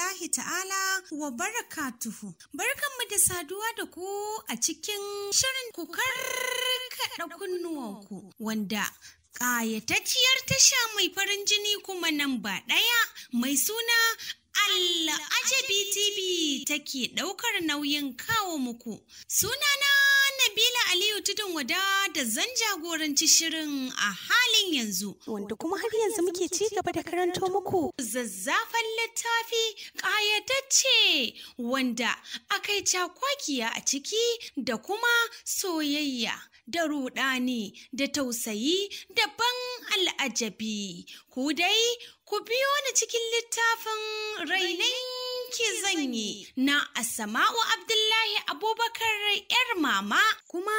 lahi ta'ala wa barakatuhu. Barkanmu da saduwa da ku a cikin shirin ku karkaɗa kunnuwanku wanda ƙayatacciyar tasha mai farin jini kuma nan ba ɗaya mai suna Allah Ajabi TV take ɗaukar nauyin kawo muku. Sunana Nabila Aliyu Tudun Wada da zan jagoranci shirin a halin yanzu. Wanda kuma har yanzu muke ci gaba da karanto muku. Zazzafan littafi ƙayatacce wanda aka yi cakwakiya a ciki da kuma soyayya. Da ruɗani da tausayi da ban al'ajabi, ku dai ku biyo ni cikin littafin rainin wanki zan yi na Asama'u Abdullahi Abubakar 'yar mama kuma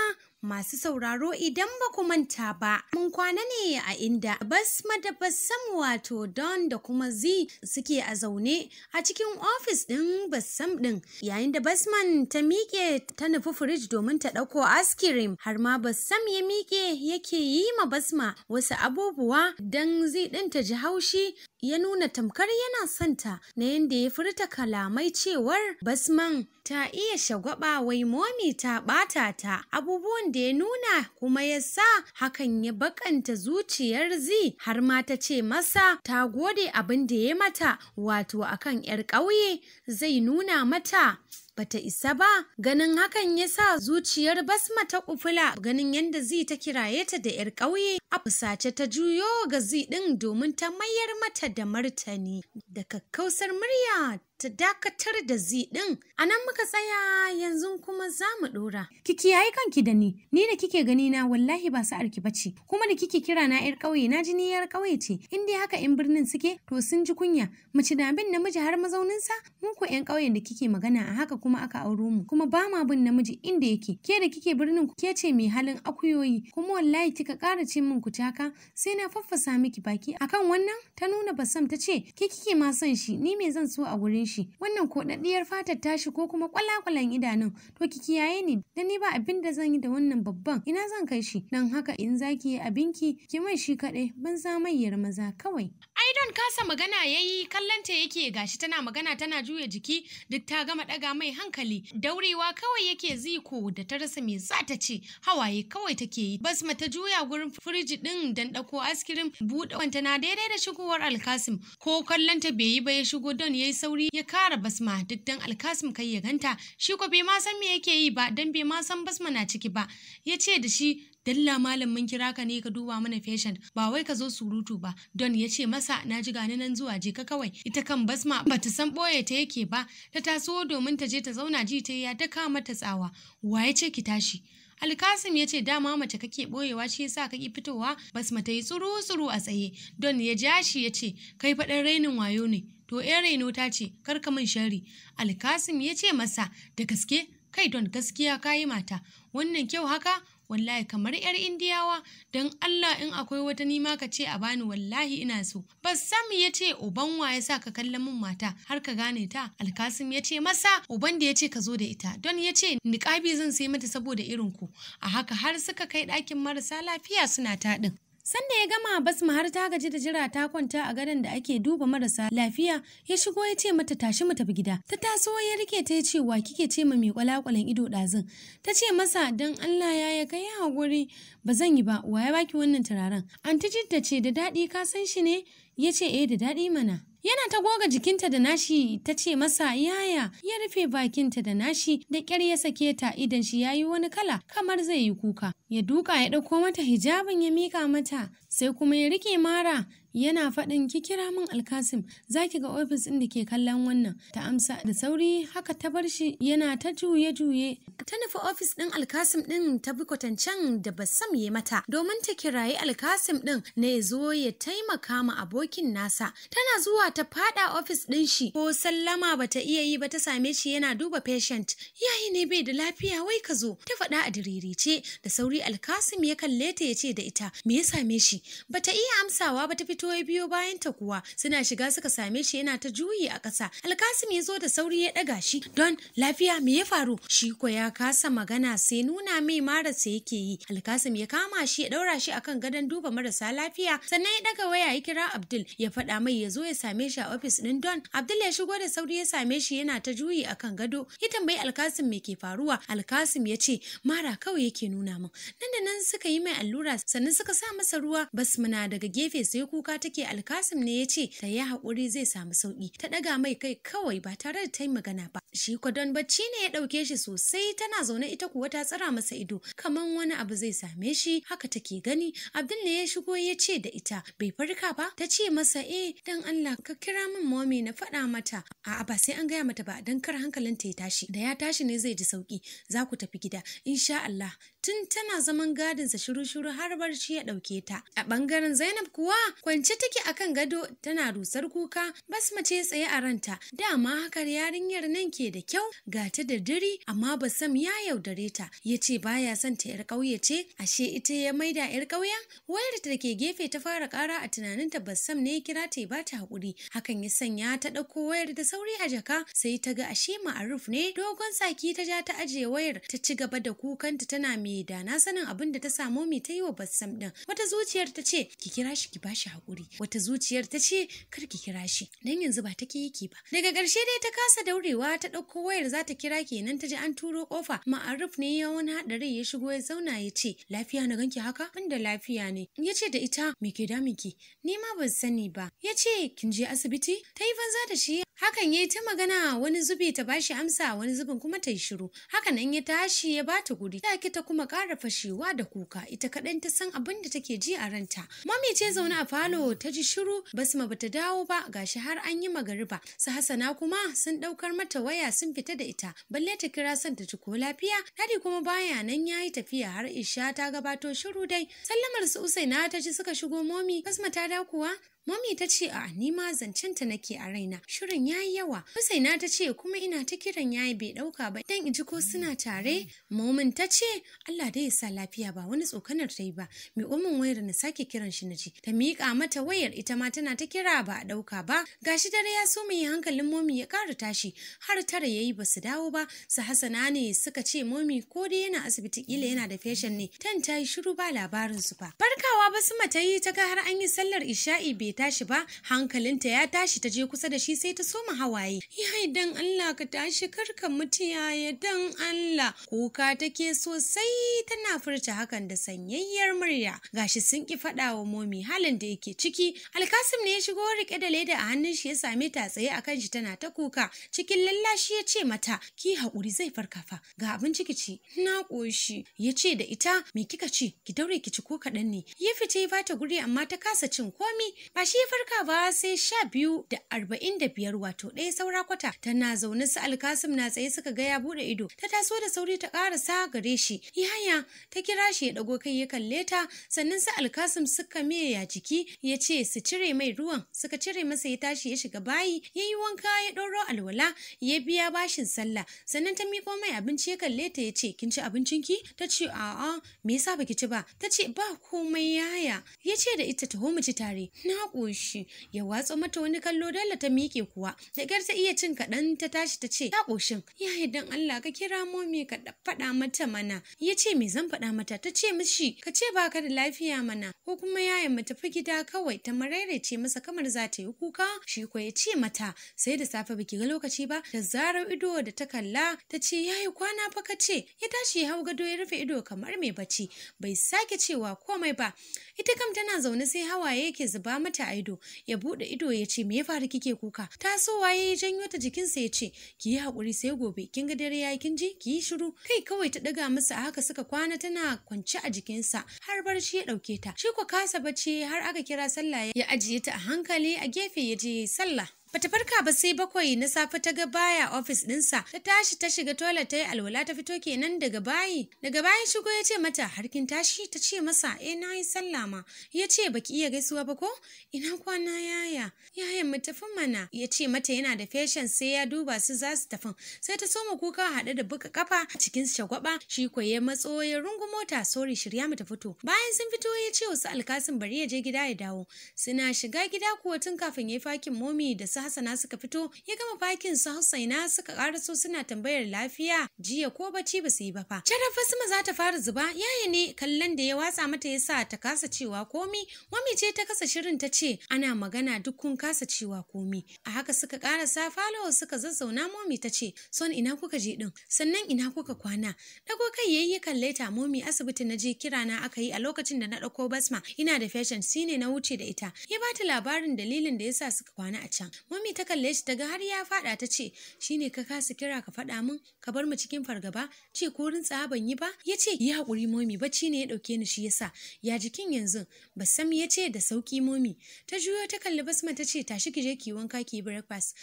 Masu sauraro idan ba ku manta ba, mun kwana ne a inda basma da basam wato don da kuma zi suke a zaune a cikin ofis ɗin basam ɗin. Yayin da basman ta miƙe ta nufi firij domin ta ɗauko askirim har ma bassam ya miƙe yake yi ma basma wasu abubuwa don zi ɗin ta ji haushi ya nuna tamkar yana santa na yadda ya furta kalamai cewar basman ta iya shagwaba wai momi ta bata ta abubuwan da ya nuna kuma ya sa hakan ya bakanta zuciyar zi har ma ta ce masa ta gode abin da ya mata wato akan 'yar ƙauye zai nuna mata bata isa ba ganin hakan ya sa zuciyar basma ta kufula ganin yadda zai ta kiraye ta da yar ƙauye a fusace ta juyo ga zi ɗin domin ta mayar mata da martani da kakkausar murya ta dakatar da zi ɗin. A nan muka tsaya yanzu kuma za mu ɗora. Ki kiyaye kanki da ni, ni da kike gani na wallahi ba sa'ar ba bace, kuma da kike kira na 'yar ƙauye na ji ni 'yar ƙauye ce, in dai haka 'yan birnin suke to sun ji kunya, mace da bin namiji har mazauninsa, mu ko 'yan ƙauyen da kike magana a haka kuma aka auro mu, kuma ba ma bin namiji inda yake, ke da kike birnin ku? ke ce mai halin akuyoyi, kuma wallahi kika ƙara ce min ku taka sai na faffasa miki baki akan wannan ta nuna basam ta ce ke kike ma son shi ni me zan so a gurin shi shi wannan ko daddiyar fatar tashi ko kuma kwalakwalan idanun to ki kiyaye ni dan ni ba abin da zan yi da wannan babban ina zan kai shi nan haka in zaki yi abinki ki mai shi kaɗai. ban za mai yar maza kawai Aidon kasa magana yayi kallanta yake gashi tana magana tana juya jiki duk ta gama daga mai hankali daurewa kawai yake ziko da ta rasa me za ta ce hawaye kawai take yi ma ta juya gurin firiji din dan dako askirim buɗe wanta na daidai da shigowar alkasim ko kallanta bai yi ba ya shigo don yayi sauri ya ya kara basma duk dan alkasim kai ya ganta shi ko bai ma san me yake yi ba dan bai ma san basma na ciki ba ya ce da shi dalla malam mun kira ka ne ka duba mana patient ba wai ka zo surutu ba don ya ce masa na ji gani nan zuwa je ka kawai ita kan basma bata san boye ta yake ba ta taso domin ta je ta zauna ji ta ya ta kama ta tsawa wa ya ce ki tashi Alkasim ya ce dama mace kake boyewa shi yasa ki fitowa basma ta yi tsuru tsuru a tsaye don ya ja shi ya ce kai faɗin rainin wayo ne to ‘yan raino ta ce kar ka min shari alkasim ya ce masa da gaske kai don gaskiya ka yi mata wannan kyau haka wallahi kamar yar indiyawa don allah in akwai wata nima ka ce a bani wallahi ina so bassam ya ce uban wa ya sa ka kalla min mata har ka gane ta alkasim ya ce masa uban da ya ce ka zo da ita don ya ce niƙabi zan sai mata saboda irin ku a haka har suka kai ɗakin marasa lafiya suna taɗin Sanda ya gama basma har ta gaji da jira ta kwanta a gadon da ake duba marasa lafiya ya shigo ya ce mata tashi mu tafi gida. Ta taso ya rike ta ya ce wa kike ce ma mai kwalakwalan ido ɗazun. Ta ce masa dan Allah ya ya kai haƙuri ba zan yi ba wa ya baki wannan turaren. Anti ce da daɗi ka san shi ne ya ce eh da daɗi mana. Yana ta goga jikinta da nashi ta ce masa yaya ya rufe bakinta da nashi da ƙyar ya sake ta idan shi yayi wani kala kamar zai yi kuka. Ya duka ya ɗauko mata hijabin ya mika mata sai kuma ya rike mara yana faɗin ki kira min alkasim za ki ga ofis ɗin da ke kallon wannan ta amsa da sauri haka ta bar shi yana ta juye juye ta nufi ofis ɗin alkasim ɗin ta bi kwatancen da sam ya mata domin ta kirayi alkasim ɗin na ya zo ya taimaka ma abokin nasa tana zuwa ta faɗa ofis ɗin shi ko sallama bata iya yi ba ta same shi yana duba patient yayi ne bai da lafiya wai ka zo ta faɗa a diririce da sauri alkasim ya kalle ta ya ce da ita me ya same shi bata iya amsawa ba ta fito fito ya biyo bayan ta kuwa suna shiga suka same shi yana ta juyi a ƙasa alkasim ya zo da sauri ya ɗaga shi don lafiya me ya faru shi ko ya kasa magana sai nuna mai marasa yake yi alkasim ya kama shi ya ɗaura shi akan gadon duba marasa lafiya sannan ya ɗaga waya ya kira abdul ya faɗa mai ya zo ya same shi a ofis ɗin don abdul ya shigo da sauri ya same shi yana ta juyi akan gado ya tambayi alkasim me ke faruwa alkasim ya ce mara kawai yake nuna min nan da nan suka yi mai allura sannan suka sa masa ruwa Bas basmana daga gefe sai kuka kuka take alkasim ne ya ce ta yi haƙuri zai samu sauƙi ta ɗaga mai kai kawai ba tare da ta yi magana ba shi don bacci ne ya ɗauke shi sosai tana zaune ita kuwa ta tsara masa ido kamar wani abu zai same shi haka take gani abdul ne ya shigo ya ce da ita bai farka ba ta ce masa eh dan Allah ka kira min mami na faɗa mata a'a ba sai an gaya mata ba dan kar hankalin ta ya tashi da ya tashi ne zai ji sauki za ku tafi gida insha Allah tun tana zaman gadinsa shiru-shiru har barci ya ɗauke ta a ɓangaren Zainab kuwa kwan kwance take kan gado tana rusar kuka basma ce tsaye a ranta dama hakar yarinyar nan ke da kyau ga ta da diri amma basam ya yaudare ta ya ce baya son ta yar ƙauye ce ashe ita ya maida yar ƙauyen wayar ta ke gefe ta fara kara a tunanin tunaninta basam ne kira ta ba ta haƙuri hakan ya sanya ta ɗauko wayar da sauri a jaka sai ta ga ashe ma'aruf ne dogon saki ta ja ta ajiye wayar ta ci gaba da kukanta tana mai da na sanin abin da ta samu mai ta yi wa basam ɗin wata zuciyar ta ce ki kira shi ki bashi haƙuri haƙuri wata zuciyar ta ce kar ki kira shi dan yanzu ba take yake ba daga ƙarshe dai ta kasa daurewa ta ɗauko wayar za ta kira kenan ta ji an turo ƙofa ma'aruf ne ya wani haɗari ya shigo ya zauna ya ce lafiya na ganki haka ban da lafiya ne ya ce da ita me ke damin ki ni ma ban sani ba ya ce kin je asibiti ta yi banza da shi hakan ya yi ta magana wani zubi ta bashi amsa wani zubin kuma ta yi shiru hakan nan ya tashi ya bata guri ta ta kuma ƙara fashewa da kuka ita kaɗan ta san abin da take ji a ranta mami ce zaune a falo to ta ji shiru basma bata dawo ba gashi har an yi magariba su Hassana kuma sun daukar mata waya sun fita da ita balle ta kira son ta ci ko lafiya dadi kuma baya nan yayi tafiya har isha ta gabato shiru dai sallamar su usaina ta ji suka shigo momi basma ta da kuwa Mami ta ce a ni ma zancen ta nake a raina shirin yayi yawa. Husaina ta ce kuma ina ta kiran yayi bai dauka ba dan iji ko suna tare. Momin ta ce Allah dai ya sa lafiya ba wani tsokanar ta yi ba. mai umin wayar na sake kiran shi naji. Ta miƙa mata wayar ita ma tana ta kira ba a dauka ba. Gashi dare ya so mai hankalin momi ya kara tashi har tara yayi su dawo ba. Su Hassana ne suka ce momi ko dai yana asibiti kila yana da fashion ne. Tan ta yi shiru ba labarin su fa. Barkawa su mata yi ta ga har an yi sallar isha'i ba. bai tashi ba hankalinta ya tashi ta je kusa da shi sai ta soma hawaye yai dan Allah ka tashi karka mutu ya dan Allah kuka take sosai tana furta hakan da sanyayyar murya gashi sun ki faɗawa wa momi halin da yake ciki alkasim ne ya shigo rike da leda a hannun shi ya same ta tsaye akan shi tana ta kuka cikin lallashi ya ce mata ki haƙuri zai farka fa ga abin ciki ci na ƙoshi ya ce da ita me kika ci ki daure ki ci ko kaɗan ne ya fita ya bata guri amma ta kasa cin komi Ba shi farka ba sai sha biyu da arba'in da biyar wato ɗaya saura kwata. Tana zaune su alkasim na tsaye suka ga ya buɗe ido. Ta taso da sauri ta ƙarasa gare shi. Yaya ta kira shi ya ɗago kai ya kalle ta sannan su alkasim suka ya jiki ya ce su cire mai ruwan suka cire masa ya tashi ya shiga bayi ya yi wanka ya ɗoro alwala ya biya bashin sallah sannan ta miko mai abinci ya kalle ta ya ce kin ci abincinki ta ce a'a me yasa baki ci ba ta ce ba komai yaya ya ce da ita taho mu ci tare na ƙoshi ya watsa mata wani kallo dalla ta miƙe kuwa da ta iya cin kaɗan ta tashi ta ce ta ƙoshin yayi dan Allah ka kira mu me ka faɗa mata mana ya ce me zan faɗa mata ta ce mishi ka ce ba ka da lafiya mana ko kuma yaya mu tafi gida kawai ta mararece masa kamar za ta yi kuka shi ko ya ce mata sai da safe baki ga lokaci ba da zarar ido da ta kalla ta ce yayi kwana fa ka ce ya tashi ya hau gado ya rufe ido kamar mai bacci bai sake cewa komai ba ita kam tana zaune sai hawaye yake zuba mata ta ido ya buɗe ido ya ce me ya faru kike kuka Ta so waye ya yi janyo ta jikinsa ya ce ki yi haƙuri sai gobe kin ga dare yayi kin ji ki yi shiru kai kawai ta ɗaga masa a haka suka kwana tana kwance a jikinsa har barci ya ɗauke ta shi ko kasa bacci har aka kira sallah ya ajiye ta a hankali a gefe ya je sallah Bata farka ba sai bakwai na safe ta ga baya ofis ɗinsa, ta tashi ta shiga toilet ta yi alwala ta fito kenan daga bayi. Daga bayan shigo ya ce mata harkin tashi ta ce masa eh na yi sallama Ya ce baki iya gaisuwa ba ko? Ina kwana yaya? Yayan mu tafi mana. Ya ce mata yana da feshen sai ya duba su za su tafin. Sai ta soma kuka haɗe da buga kafa cikin shagwaba shi ko ya matso ya rungu mota sori shirya mu ta fito. Bayan sun fito ya ce wasu alkasin bari ya je gida ya dawo. Suna shiga gida kuwa tun kafin ya yi fakin momi da sa Hassana suka fito ya gama bakin su Hussaina suka karaso suna tambayar lafiya jiya ko bacci ba su yi ba fa. Sharaf Basma za ta fara zuba yaya ne kallon da ya watsa mata ya sa ta kasa cewa komi wami ce ta kasa shirin ta ce ana magana duk kun kasa cewa komi. A haka suka karasa falo suka zazzauna momi ta ce son ina kuka je din sannan ina kuka kwana. Dago kai yayi kalle ta momi asibiti na je kira na aka yi a lokacin da na dauko Basma ina da fashion shine na wuce da ita. Ya bata labarin dalilin da yasa suka kwana a can. Mummy ta kalle shi ta ga har ya faɗa ta ce, "Shi ne ka kasa kira ka faɗa min, ka bar mu cikin fargaba, ce ko rintsa ban yi ba?" Ya ce, ya haƙuri Mummy, bacci ne ya ɗauke ni shi yasa." Ya jikin yanzu, sam ya ce da sauki Mummy. Ta juyo ta kalli Basma ta ce, "Tashi ki je ki wanka ki yi breakfast."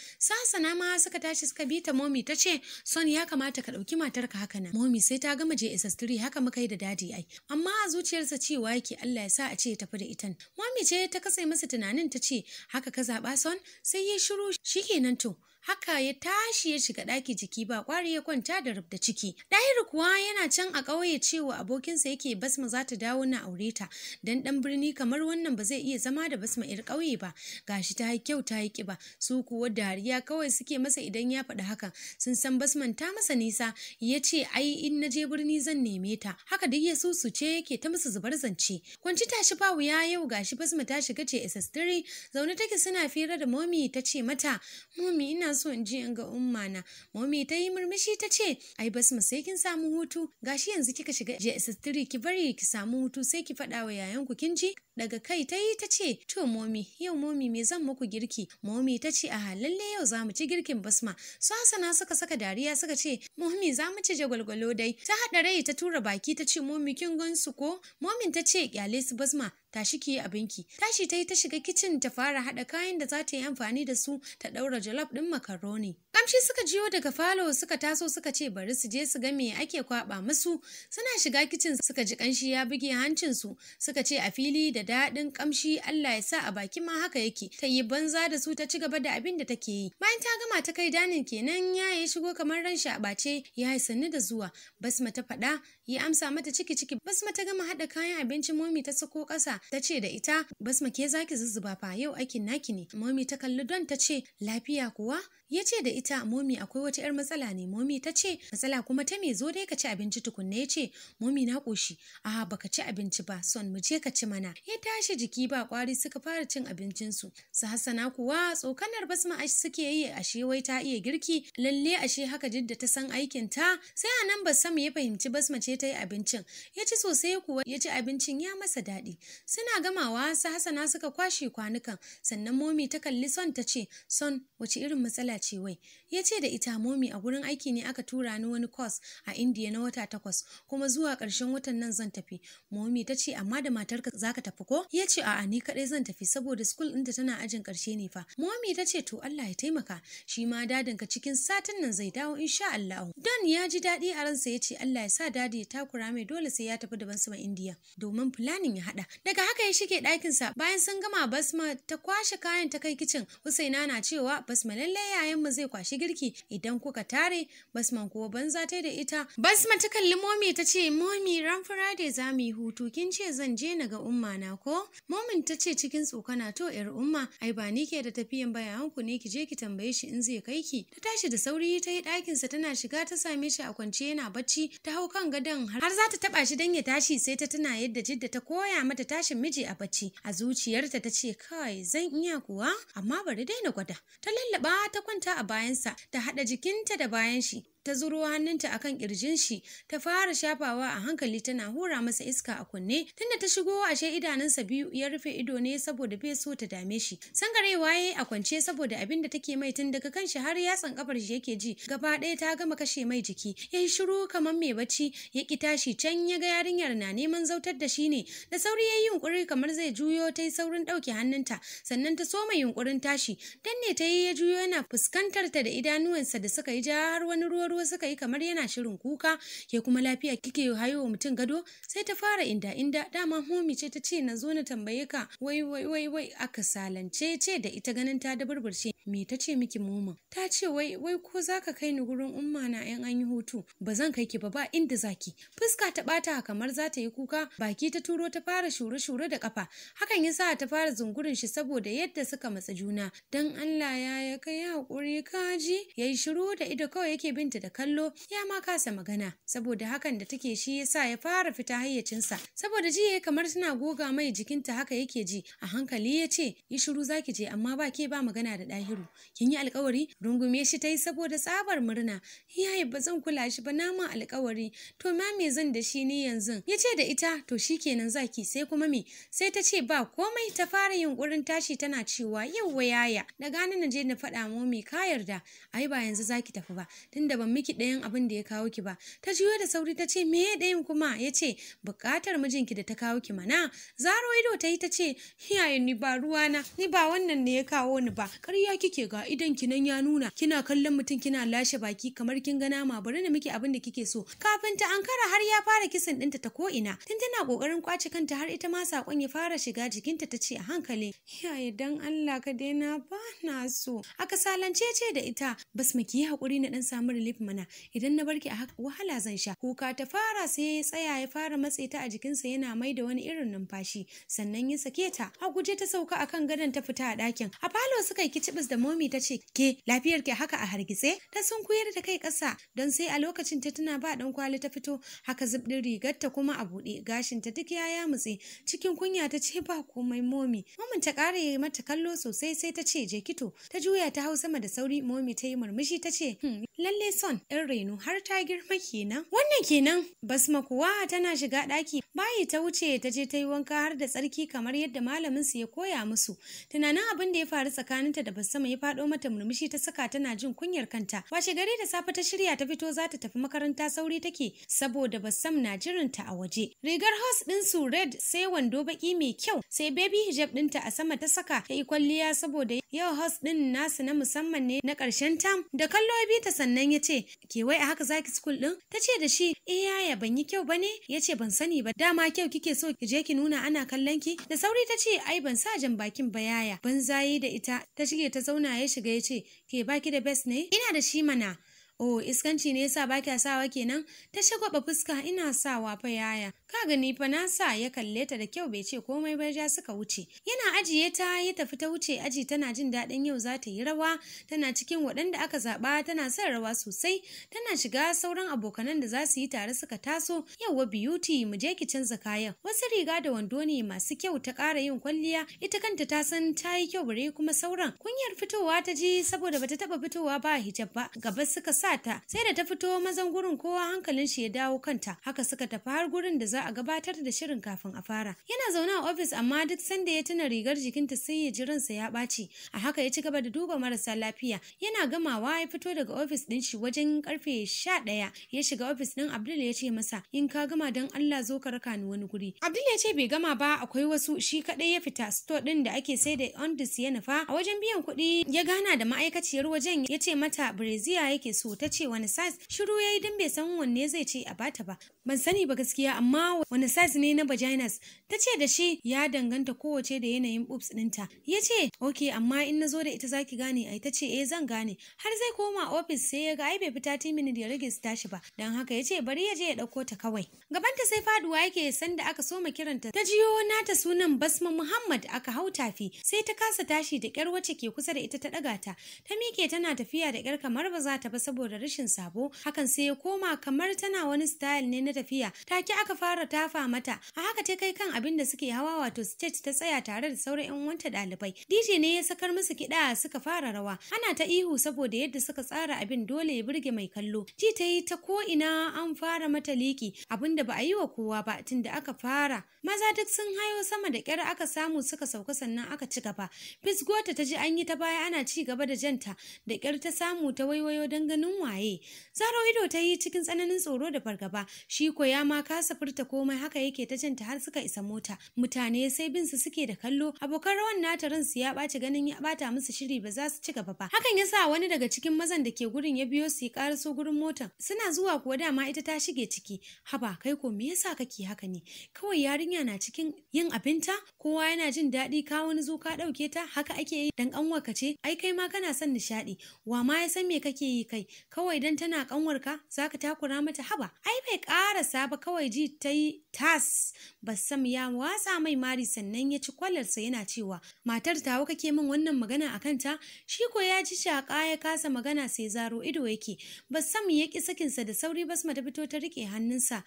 na ma suka tashi suka bi ta Mummy ta ce, "Son ya kamata ka ɗauki matarka haka na. Mummy sai ta gama je SS3 haka muka yi da dadi ai. Amma a zuciyarsa cewa yake Allah ya sa a ce tafi da itan. Mummy ce ta kasa masa tunanin ta ce, "Haka ka zaɓa son?" Sai ya shiru shikenan to haka ya tashi ya shiga ɗaki jiki ba kwari ya kwanta da rubda ciki ɗahiru kuwa yana can a ƙauye cewa abokinsa yake basma za ta dawo na aure ta dan ɗan birni kamar wannan ba zai iya zama da basma yar ƙauye ba gashi ta yi kyau ta yi ƙiba su kuwa dariya kawai suke masa idan ya faɗi hakan sun san basman ta masa nisa ya ce ai in na je birni zan neme ta haka duk ya ce yake ta masa zubar zance kwanci tashi ba wuya yau gashi basma ta shiga ce ss3 zaune take suna fira da momi ta ce mata momi ina ina so in ji in ga umma na momi ta yi murmushi ta ce ai basma sai kin samu hutu gashi yanzu kika shiga js 3 ki bari ki samu hutu sai ki faɗa wa yayan ku kin ji daga kai ta yi ta ce to momi yau momi me zan muku girki momi ta ce a halalle yau za mu ci girkin basma su hasana suka saka dariya suka ce momi za mu ci jagwalgwalo dai ta haɗa rai ta tura baki ta ce momi kin gansu ko momin ta ce kyale su basma tashi ki yi abinki tashi ta yi ta shiga kicin ta fara haɗa kayan da za ta yi amfani da su ta ɗaura jalof ɗin makaroni. Kamshi suka jiyo daga falo suka taso suka ce bari su je su ga me ake kwaba musu suna shiga kicin suka ji kanshi ya buge hancinsu suka ce a fili da daɗin kamshi Allah ya sa a baki ma haka yake ta yi banza da su ta ci gaba da abin da take yi. Bayan ta gama ta kai danin kenan ya yi shigo kamar ran shi a bace ya yi sannu da zuwa basma ta faɗa ya amsa mata ciki ciki basma ta gama haɗa kayan abincin momi ta sako ƙasa ta ce da ita basma ke zaki zuzzuba fa yau aikin naki ne momi ta kalli don ta ce lafiya kuwa ya ce da ita momi akwai wata 'yar matsala ne momi ta ce matsala kuma ta me zo dai ka ci abinci tukunna ya ce momi na koshi a baka ci abinci ba son mu je ka ci mana ya tashi jiki ba kwari suka fara cin abincinsu su hasana kuwa tsokanar basma suke yi ashe wai ta iya girki lalle ashe haka jidda ta san aikin ta sai a nan basam ya fahimci basma ce ta yi abincin ya ci sosai kuwa ya ci abincin ya masa daɗi suna gamawa su hasana suka kwashe kwanukan sannan momi ta kalli son ta ce son wace irin matsala matsala ce wai ya ce da ita momi a gurin aiki ne aka tura ni wani kwas a indiya na wata takwas kuma zuwa ƙarshen watan nan zan tafi momi ta ce amma da matarka ka tafi ko ya ce a'a ni kaɗai zan tafi saboda school ɗinta tana ajin ƙarshe ne fa momi ta ce to Allah ya taimaka shi ma dadin ka cikin satin nan zai dawo insha Allah don ya ji daɗi a ransa ya ce Allah ya sa dadi ya takura mai dole sai ya tafi da bansa indiya domin planning ya haɗa daga haka ya shige ɗakinsa bayan sun gama basma ta kwashe kayan ta kai kicin husaina na cewa basma lallai yayanmu zai kwashi girki idan kuka tare basman kuwa banza ta da ita basma ta kalli momi ta ce momi ran friday za mu yi hutu kin ce zan je na ga umma na ko momin ta ce cikin tsokana to yar umma ai ba ni ke da tafiyan bayan ku ne ki je ki tambaye shi in zai kai ki ta tashi da sauri ta yi ɗakinsa tana shiga ta same shi a kwance yana bacci ta hau kan gadon har za ta taba shi dan ya tashi sai ta tana yadda jidda ta koya mata tashin miji a bacci a zuciyarta ta ce kai zan iya kuwa amma bari dai na gwada ta lallaba ta ta kwanta a bayansa ta haɗa jikinta da bayan shi ta zuro hannunta akan kirjin shi ta fara shafawa a hankali tana hura masa iska a kunne tunda ta shigo ashe idanunsa biyu ya rufe ido ne saboda bai so ta dame shi sangarewa waye a kwance saboda abin da take mai tun daga shi har yatsan kafar shi yake ji gaba ɗaya ta gama kashe mai jiki yayi shiru kamar mai bacci ya ki tashi can ya ga yarinyar na neman zautar da shi ne da sauri yayi yunkuri kamar zai juyo ta yi saurin ɗauke hannunta sannan ta soma yunkurin tashi danne ta yi ya juyo yana fuskantar ta da idanuwansa da suka yi ja har wani ruwa ruwa suka yi kamar yana shirin kuka ke kuma lafiya kike hayo mutum gado sai ta fara inda inda dama momi ce ta ce na zo na tambaye ka wai wai wai wai aka salance ce da ita ganin ta da burburce me ta ce miki muma ta ce wai wai ko zaka kai ni gurin umma na yan an yi hutu ba zan kai ki ba ba inda zaki fuska ta bata kamar za ta yi kuka baki ta turo ta fara shure-shure da kafa hakan yasa ta fara zungurin shi saboda yadda suka matsa juna dan Allah ya ya kai hakuri kaji yayi shiru da ido kawai yake binta ta da kallo ya ma kasa magana saboda hakan da take shi yasa ya fara fita hayyacinsa saboda ji yayi kamar suna goga mai jikinta haka yake ji a hankali ya ce yi shiru zaki je amma ba ke ba magana da ɗahiru kin yi alkawari rungume shi ta yi saboda tsabar murna yayi ba zan kula shi ba naman alkawari to ma me zan da shi ni yanzu ya ce da ita to shi kenan zaki sai kuma me sai ta ce ba komai ta fara yunkurin tashi tana cewa yau yaya da gani na je na faɗa mu me ka yarda ai ba yanzu zaki tafi ba tunda ba ban miki ɗayan abin da ya kawo ki ba ta juyo da sauri ta ce me ɗayan kuma ya ce buƙatar mijinki da ta kawo ki mana zaro ido ta yi ta ce yaya ni ba ruwa na. ni ba wannan ne ya kawo ni ba ƙarya kike ga idan ki nan ya nuna kina kallon mutum kina lashe baki kamar kin ga nama bari na miki abin da kike so kafin ta ankara har ya fara kisan ɗinta ta ko ina tun tana ƙoƙarin kwace kanta har ita ma saƙon ya fara shiga jikinta ta ce a hankali yaya dan Allah ka daina ba na so aka salance ce da ita bas maki yi haƙuri na ɗan samu relief mana idan na barki a wahala zan sha kuka ta fara sai ya tsaya ya fara matse ta a jikinsa yana mai da wani irin numfashi sannan ya sake ta a guje ta sauka a kan gadon ta fita a ɗakin a falo suka yi kicibis da momi ta ce ke lafiyar ke haka a hargitse ta sun kuyar da kai ƙasa don sai a lokacin ta tana ba ɗan kwali ta fito haka zub ɗin rigar ta kuma a buɗe gashin ta duk ya mutse cikin kunya ta ce ba komai momi momin ta ƙara mata kallo sosai sai ta ce je kito ta juya ta hau sama da sauri momi ta yi murmushi ta ce hmm, lalle son ɗan reno har ta girma kenan wannan kenan basma kuwa tana shiga ɗaki bayi ta wuce ta je ta yi wanka har da tsarki kamar yadda malamin su ya koya musu tunanin abin da ya faru tsakaninta da basma ya faɗo mata murmushi ta saka tana jin kunyar kanta washe gari da safe ta shirya ta fito za ta tafi makaranta sauri take saboda basam na ta a waje rigar house ɗin su red sai wando baki mai kyau sai baby hijab ɗinta a sama ta saka ta yi kwalliya saboda yau house ɗin nasu na musamman ne na ƙarshen tam da kallo bi ta sannan ya ce ke wai a haka zaki school din ta ce da shi eh yaya ban yi kyau bane ya ce ban sani ba dama kyau kike so ki je ki nuna ana kallon ki da sauri ta ce ai ban sa jan bakin ba yaya ban zayi da ita ta shige ta zauna ya shiga ya ce ke baki da best ne ina da shi mana Oh, iskanci ne yasa ba kya sawa kenan? Ta shagwaba fuska ina sawa fa yaya. Ka gani fa na sa ya kalle ta da kyau bai ce komai ba ja suka wuce. Yana ajiye ta ya tafi ta wuce aji tana jin daɗin yau za ta yi rawa, tana cikin waɗanda aka zaɓa tana son rawa sosai, tana shiga sauran abokanan da za su yi tare suka taso. Yauwa beauty mu je ki canza kayan. Wasu riga da wando ne masu kyau ta ƙara yin kwalliya, ita kanta ta san ta yi kyau bare kuma sauran. Kunyar fitowa ta ji saboda bata taɓa fitowa ba hijab ba, gaba suka sa sa ta sai da ta fito mazan gurin kowa hankalin shi ya dawo kanta haka suka tafi har gurin da za a gabatar da shirin kafin a fara yana zaune a ofis amma duk sanda ya tuna rigar jikinta sai ya ji ransa ya ɓaci a haka ya ci gaba da duba marasa lafiya yana gamawa ya fito daga ofis din shi wajen karfe sha ɗaya ya shiga ofis din Abdul ya ce masa in ka gama don Allah zo ka raka ni wani guri Abdul ya ce bai gama ba akwai wasu shi kaɗai ya fita store ɗin da ake sai da ondis ya nufa a wajen biyan kuɗi ya gana da ma'aikaciyar wajen ya ce mata brazil yake so ta ce wani size shiru ya yi don bai san wanne zai ce a bata ba ban sani ba gaskiya amma wani size ne na vaginas ta ce da shi ya danganta kowace da yanayin boobs dinta. ya ce ok amma in na zo da ita zaki gane ai ta ce eh zan gane har zai koma ofis sai ya ga ai bai fita timin da ya rage su tashi ba don haka ya ce bari ya je ya ɗauko ta kawai gabanta sai faduwa yake da aka soma kiranta ta jiyo nata sunan basma muhammad aka hau tafi sai ta kasa tashi da kyar wacce ke kusa da ita ta ɗaga ta ta miƙe tana tafiya da kyar kamar ba za ta ba saboda saboda rashin sabo hakan sai ya koma kamar tana wani style ne na tafiya take aka fara tafa mata a haka ta kai kan abin da suke hawa wato stage ta tsaya tare da sauran yan ɗalibai. dalibai DJ ne ya sakar musu kiɗa suka fara rawa ana ta ihu saboda yadda suka tsara abin dole ya burge mai kallo ji ta yi ta ko ina an fara mata liki abinda da ba a yi wa kowa ba tunda aka fara maza duk sun hayo sama da kyar aka samu suka sauka sannan aka ci gaba fisgota ta ji an yi ta baya ana ci gaba da janta da kyar ta samu ta waiwayo don ganin waye zaro ido ta yi cikin tsananin tsoro da fargaba shi ko ya ma kasa furta komai haka yake ta janta har suka isa mota mutane sai bin su suke da kallo abokan rawan nata su ya ɓaci ganin ya ɓata musu shiri ba za su ci gaba ba hakan ya sa wani daga cikin mazan da ke gurin ya biyo su yi so gurin motan suna zuwa kuwa dama ita ta shige ciki haba kai ko me yasa kake haka ne kawai yarinya na cikin yin abinta kowa yana jin daɗi ka wani zo ka ɗauke ta haka ake yi dan kanwa wakace ai kai ma kana son nishaɗi wa ma ya san me kake yi kai kawai don tana kanwarka ka takura mata haba ai bai karasa ba kawai ji ta yi tas bassam ya watsa mai mari sannan ya ci kwalarsa yana cewa matar tawa kake min wannan magana a kanta shi ko ya ci shaka ya kasa magana sai zaro ido yake bassam ya ki sakinsa da sauri basma ta fito ta rike hannunsa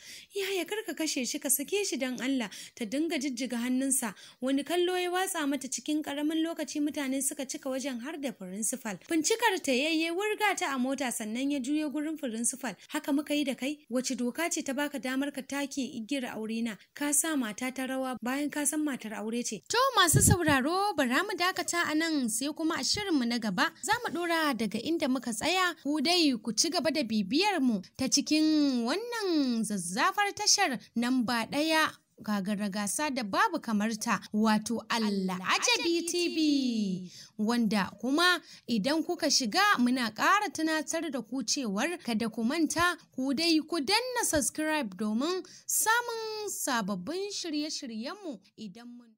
kar ka kashe shi ka sake shi dan Allah ta dinga jijjiga hannunsa wani kallo ya watsa mata cikin karamin lokaci mutane suka cika wajen har da principal fincikar ta yayye wurga ta a mota sannan ya juya gurin firinsifal haka muka yi da kai wace doka ce ta baka damar ka take igiyar aure na ka sa mata ta rawa bayan ka san matar aure ce to masu sauraro bara mu dakata a nan sai kuma a shirin mu na gaba za mu dora daga inda muka tsaya ku dai ku ci gaba da bibiyar mu ta cikin wannan zazzafar tashar nan ba ɗaya gagara gasa da babu kamarta wato Allah Ajabi TV wanda kuma idan kuka shiga muna ƙara tunatar da ku cewar kada ku manta ku dai ku danna subscribe domin samun sababbin shirye-shiryenmu idan mun